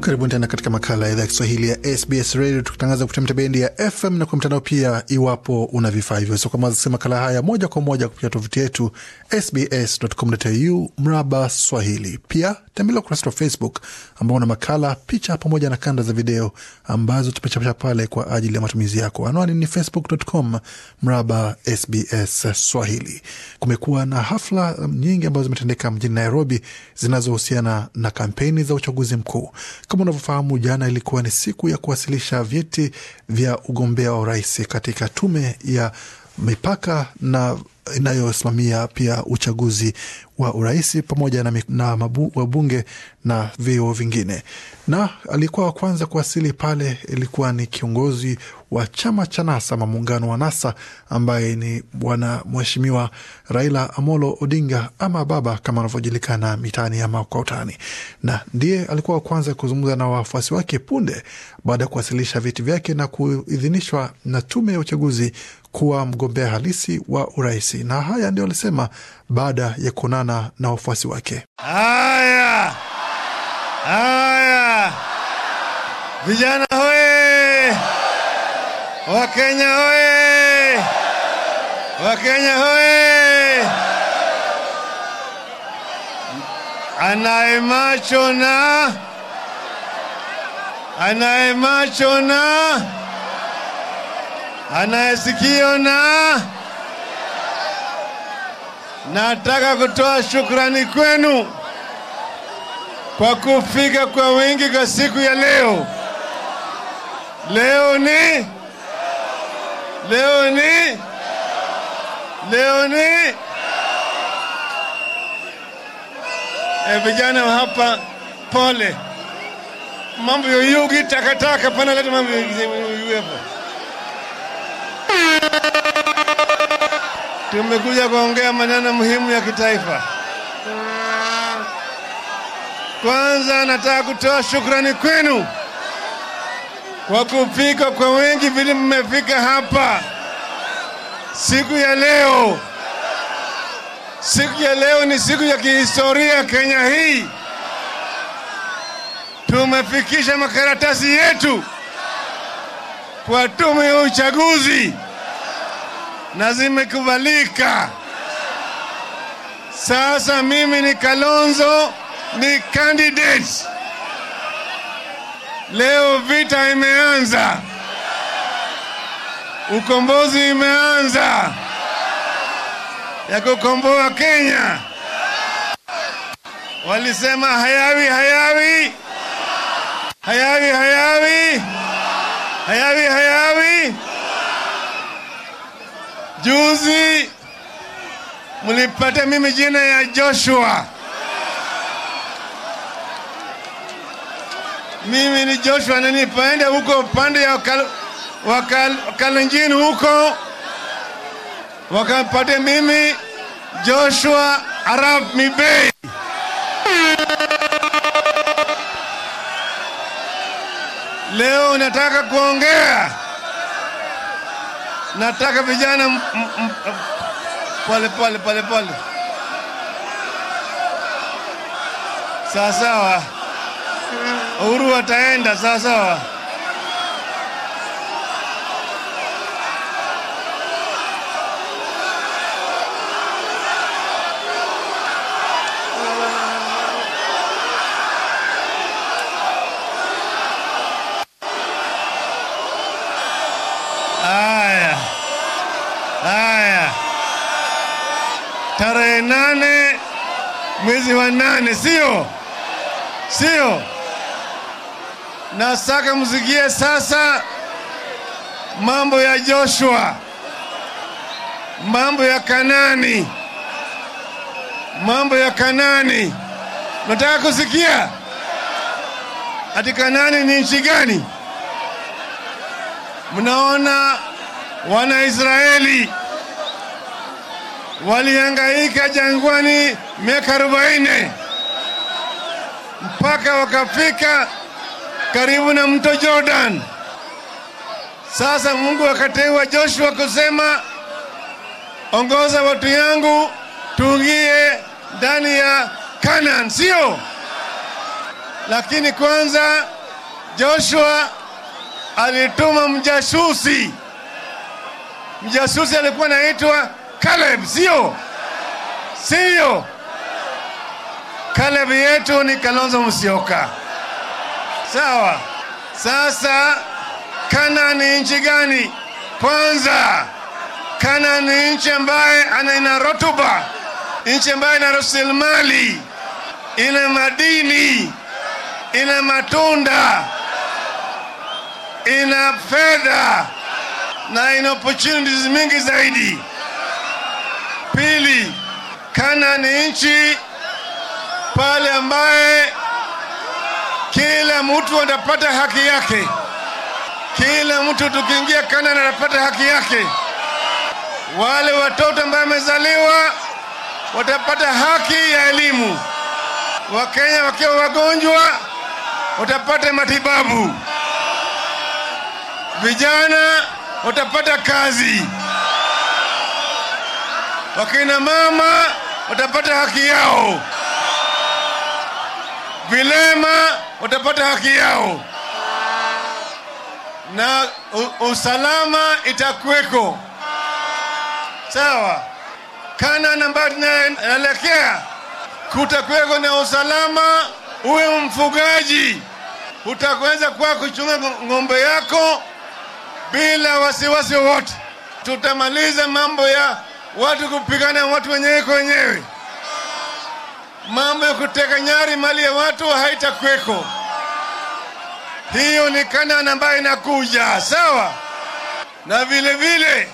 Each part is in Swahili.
Karibuni tena katika makala ya idhaa ya Kiswahili ya SBS Radio, tukitangaza kupitia mitabendi ya FM na kwa mtandao pia, iwapo una vifaa hivyo. So kama zasi makala haya moja kwa moja kupitia tovuti yetu sbs.com.au mraba swahili. Pia tembelea ukurasa wa Facebook ambao una makala, picha pamoja na kanda za video ambazo tumechapisha pale kwa ajili ya matumizi yako. Anwani ni facebook.com mraba SBS swahili. Kumekuwa na hafla nyingi ambazo zimetendeka mjini Nairobi zinazohusiana na kampeni za uchaguzi mkuu. Kama unavyofahamu, jana ilikuwa ni siku ya kuwasilisha vyeti vya ugombea wa urais katika tume ya mipaka na inayosimamia pia uchaguzi wa urais pamoja na, na wabunge na vio vingine. Na alikuwa wa kwanza kuwasili pale ilikuwa ni kiongozi wa chama cha NASA ama muungano wa NASA ambaye ni bwana mheshimiwa Raila Amolo Odinga ama Baba kama anavyojulikana mitaani ama kwa utani, na ndiye alikuwa wa kwanza kuzungumza na wafuasi wake punde baada ya kuwasilisha viti vyake na kuidhinishwa na tume ya uchaguzi kuwa mgombea halisi wa urais, na haya ndio alisema baada ya kuonana na wafuasi wake. Haya haya, vijana hoye! Wakenya hoye! Wakenya hoye! macho na macho na anayesikio na nataka kutoa shukrani kwenu kwa kufika kwa wingi kwa siku ya leo. Leo ni leo ni leo ni e, vijana hapa pole, mambo yoyugi takataka panaleta mambo yoyugi hapa tumekuja kuongea maneno muhimu ya kitaifa. Kwanza nataka kutoa shukrani kwenu kwa kufika kwa wengi vile mmefika hapa siku ya leo. Siku ya leo ni siku ya kihistoria Kenya hii. Tumefikisha makaratasi yetu kwa tume ya uchaguzi na zimekubalika. Sasa mimi ni Kalonzo, ni candidate. Leo vita imeanza, ukombozi imeanza ya kukomboa Kenya. Walisema hayawi hayawi hayawi hayawi hayawi hayawi Juzi mlipata mimi jina ya Joshua. Mimi ni Joshua na nipaende huko upande ya kal, wakal, Kalenjin huko wakapate mimi Joshua Arab Mibei. Leo nataka kuongea nataka vijana pole pole pole pole, sawa sawa, Uhuru ataenda sawa sawa. tarehe nane mwezi wa nane, sio sio? nasaka msikie sasa mambo ya Joshua, mambo ya Kanani, mambo ya Kanani. Nataka kusikia ati Kanani ni nchi gani? Mnaona Wanaisraeli walihangaika jangwani miaka arobaini mpaka wakafika karibu na mto Jordan. Sasa Mungu akateua Joshua kusema, ongoza watu yangu tuingie ndani ya Canaan, sio? Lakini kwanza Joshua alituma mjasusi. Mjasusi alikuwa anaitwa Caleb, sio sio? Caleb yetu ni Kalonzo Musyoka, sawa? Sasa Kana ni nchi gani? Kwanza, Kana ni nchi ambaye ina rutuba, nchi ambaye ina rasilimali, ina madini, ina matunda, ina fedha na ina opportunities mingi zaidi. Kana ni nchi pale ambaye kila mtu anapata haki yake. Kila mtu tukiingia Kana anapata haki yake. Wale watoto ambao wamezaliwa watapata haki ya elimu. Wakenya wakiwa wagonjwa watapata matibabu. Vijana watapata kazi. Wakina mama watapata haki yao, vilema watapata haki yao, na usalama itakuweko. Sawa, kana ambayo tunaelekea kutakuweko na usalama. Uwe mfugaji, utaweza kuwa kuchunga ng'ombe yako bila wasiwasi wote. Tutamaliza mambo ya watu kupigana watu wenyewe kwa wenyewe. Mambo ya kuteka nyari mali ya watu kweko Hiyo ni kanan ambayo inakuja, sawa. Na vile vile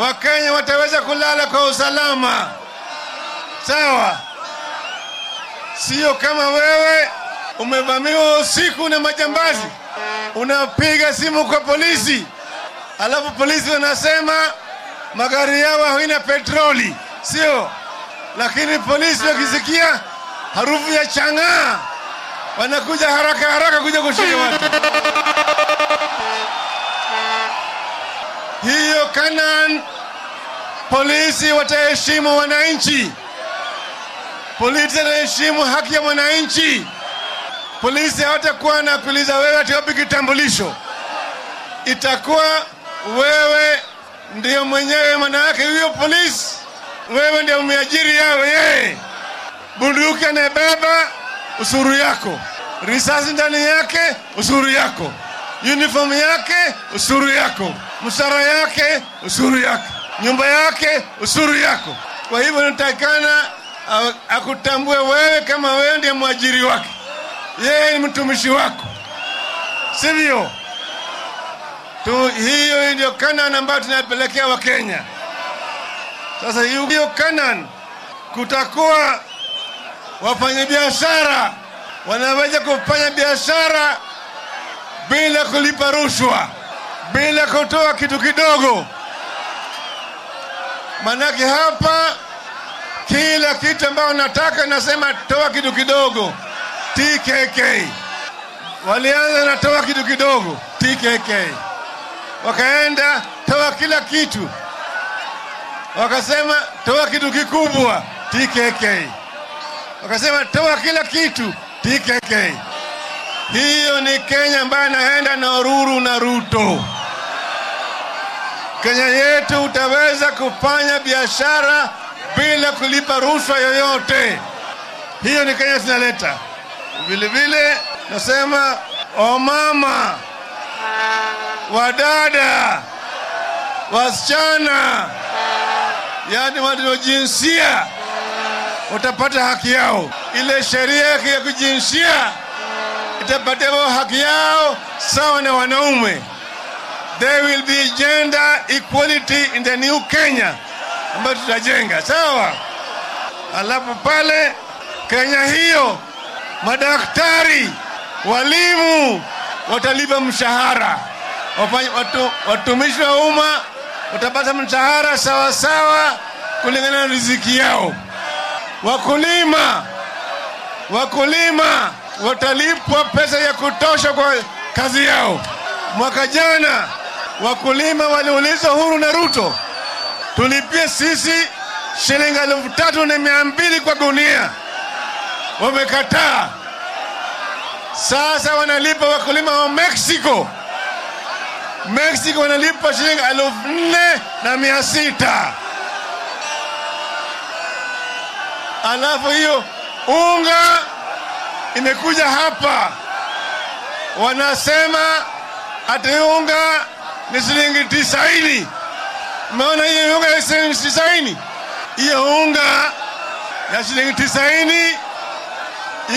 Wakenya wataweza kulala kwa usalama, sawa, sio kama wewe umevamiwa usiku na majambazi, unapiga simu kwa polisi, alafu polisi wanasema magari yao haina petroli, sio? Lakini polisi wakisikia harufu ya chang'aa wanakuja haraka haraka kuja kushika watu. Hiyo Canaan, polisi wataheshimu wananchi, polisi wataheshimu haki ya mwananchi. Polisi hawatakuwa na anakuuliza wewe ati wapi kitambulisho, itakuwa wewe ndiyo mwenyewe, maana yake huyo polisi wewe ndio umeajiri yao yeye. Bunduki anayebeba usuru yako, risasi ndani yake usuru yako, uniform yake usuru yako, msara yake usuru yako, nyumba yake usuru yako. Kwa hivyo natakana akutambue wewe kama wewe ndiye mwajiri wake, yeye ni mtumishi wako, sivyo? tu, hiyo ndio Kanani ambayo tunapelekea Wakenya. Sasa hiyo Kanani, kutakuwa wafanyabiashara wanaweza kufanya biashara bila kulipa rushwa, bila kutoa kitu kidogo. Manake hapa kila kitu ambayo nataka nasema toa kitu kidogo. TKK walianza natoa kitu kidogo TKK wakaenda toa kila kitu, wakasema toa kitu kikubwa TKK, wakasema toa kila kitu TKK. Hiyo ni Kenya ambayo naenda na Uhuru na Ruto. Kenya yetu utaweza kufanya biashara bila kulipa rushwa yoyote. Hiyo ni Kenya tunaleta. Vilevile nasema omama oh wadada, wasichana, yaani jinsia watapata haki yao. Ile sheria ya kijinsia itapata wao haki yao sawa na wanaume. There will be gender equality in the new Kenya ambayo tutajenga, sawa. Alafu pale Kenya hiyo madaktari, walimu watalipa mshahara watumishi watu wa umma watapata mshahara sawa sawa kulingana na riziki yao. Wakulima wakulima watalipwa pesa ya kutosha kwa kazi yao. Mwaka jana wakulima waliulizwa huru na Ruto, tulipie sisi shilingi elfu tatu na mia mbili kwa gunia, wamekataa. Sasa wanalipa wakulima wa Mexico. Mexico wanalipa shilingi elfu nne na mia sita alafu hiyo unga imekuja hapa, wanasema ati unga ni shilingi tisaini. Umeona hiyo unga ya shilingi tisaini, hiyo unga ya shilingi tisaini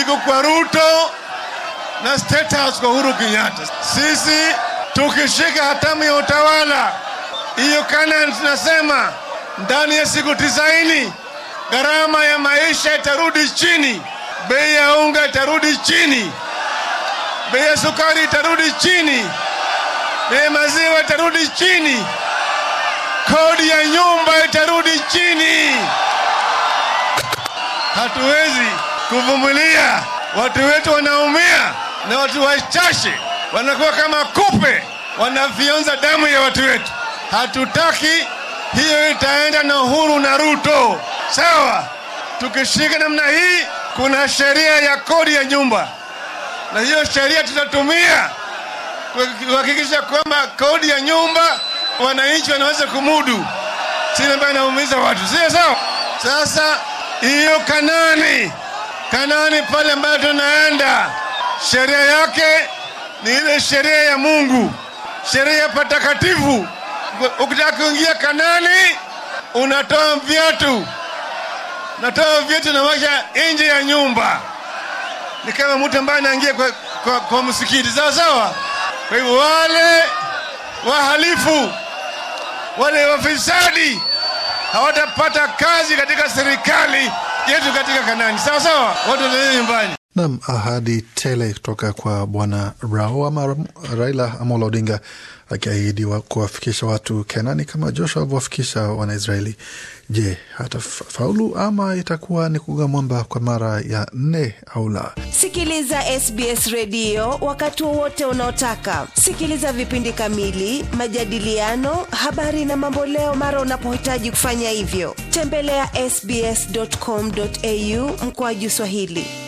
iko kwa Ruto na State kwa huru Kenyatta. Sisi Tukishika hatamu ya utawala hiyo, kana tunasema ndani ya siku tisaini gharama ya maisha itarudi chini, bei ya unga itarudi chini, bei ya sukari itarudi chini, bei ya maziwa itarudi chini, kodi ya nyumba itarudi chini. Hatuwezi kuvumilia, watu wetu wanaumia na watu wachache wanakuwa kama kupe, wanavionza damu ya watu wetu. Hatutaki hiyo, itaenda na Uhuru na Ruto. Sawa, tukishika namna hii, kuna sheria ya kodi ya nyumba, na hiyo sheria tutatumia kuhakikisha kwamba kodi ya nyumba wananchi wanaweza kumudu, sile ambayo inaumiza watu, sio sawa. Sasa hiyo Kanani, Kanani pale ambayo tunaenda sheria yake ni ile sheria ya Mungu, sheria patakatifu. Ukitaka kuingia Kanani unatoa viatu, natoa viatu na washa nje ya nyumba, ni kama mtu ambaye anaingia kwa, kwa, kwa msikiti sawa sawa. Kwa hivyo wale wahalifu wale wafisadi hawatapata kazi katika serikali yetu katika Kanani sawa sawa, watu wataenda nyumbani. Nam, ahadi tele kutoka kwa bwana Rao ama Raila Amolo Odinga akiahidi kuwafikisha watu Kenani kama Joshua alivyowafikisha Wanaisraeli. Je, hatafaulu ama itakuwa ni kuga mwamba kwa mara ya nne au la? Sikiliza SBS redio wakati wowote unaotaka. Sikiliza vipindi kamili, majadiliano, habari na mamboleo mara unapohitaji kufanya hivyo. Tembelea sbs.com.au mkoaju Swahili.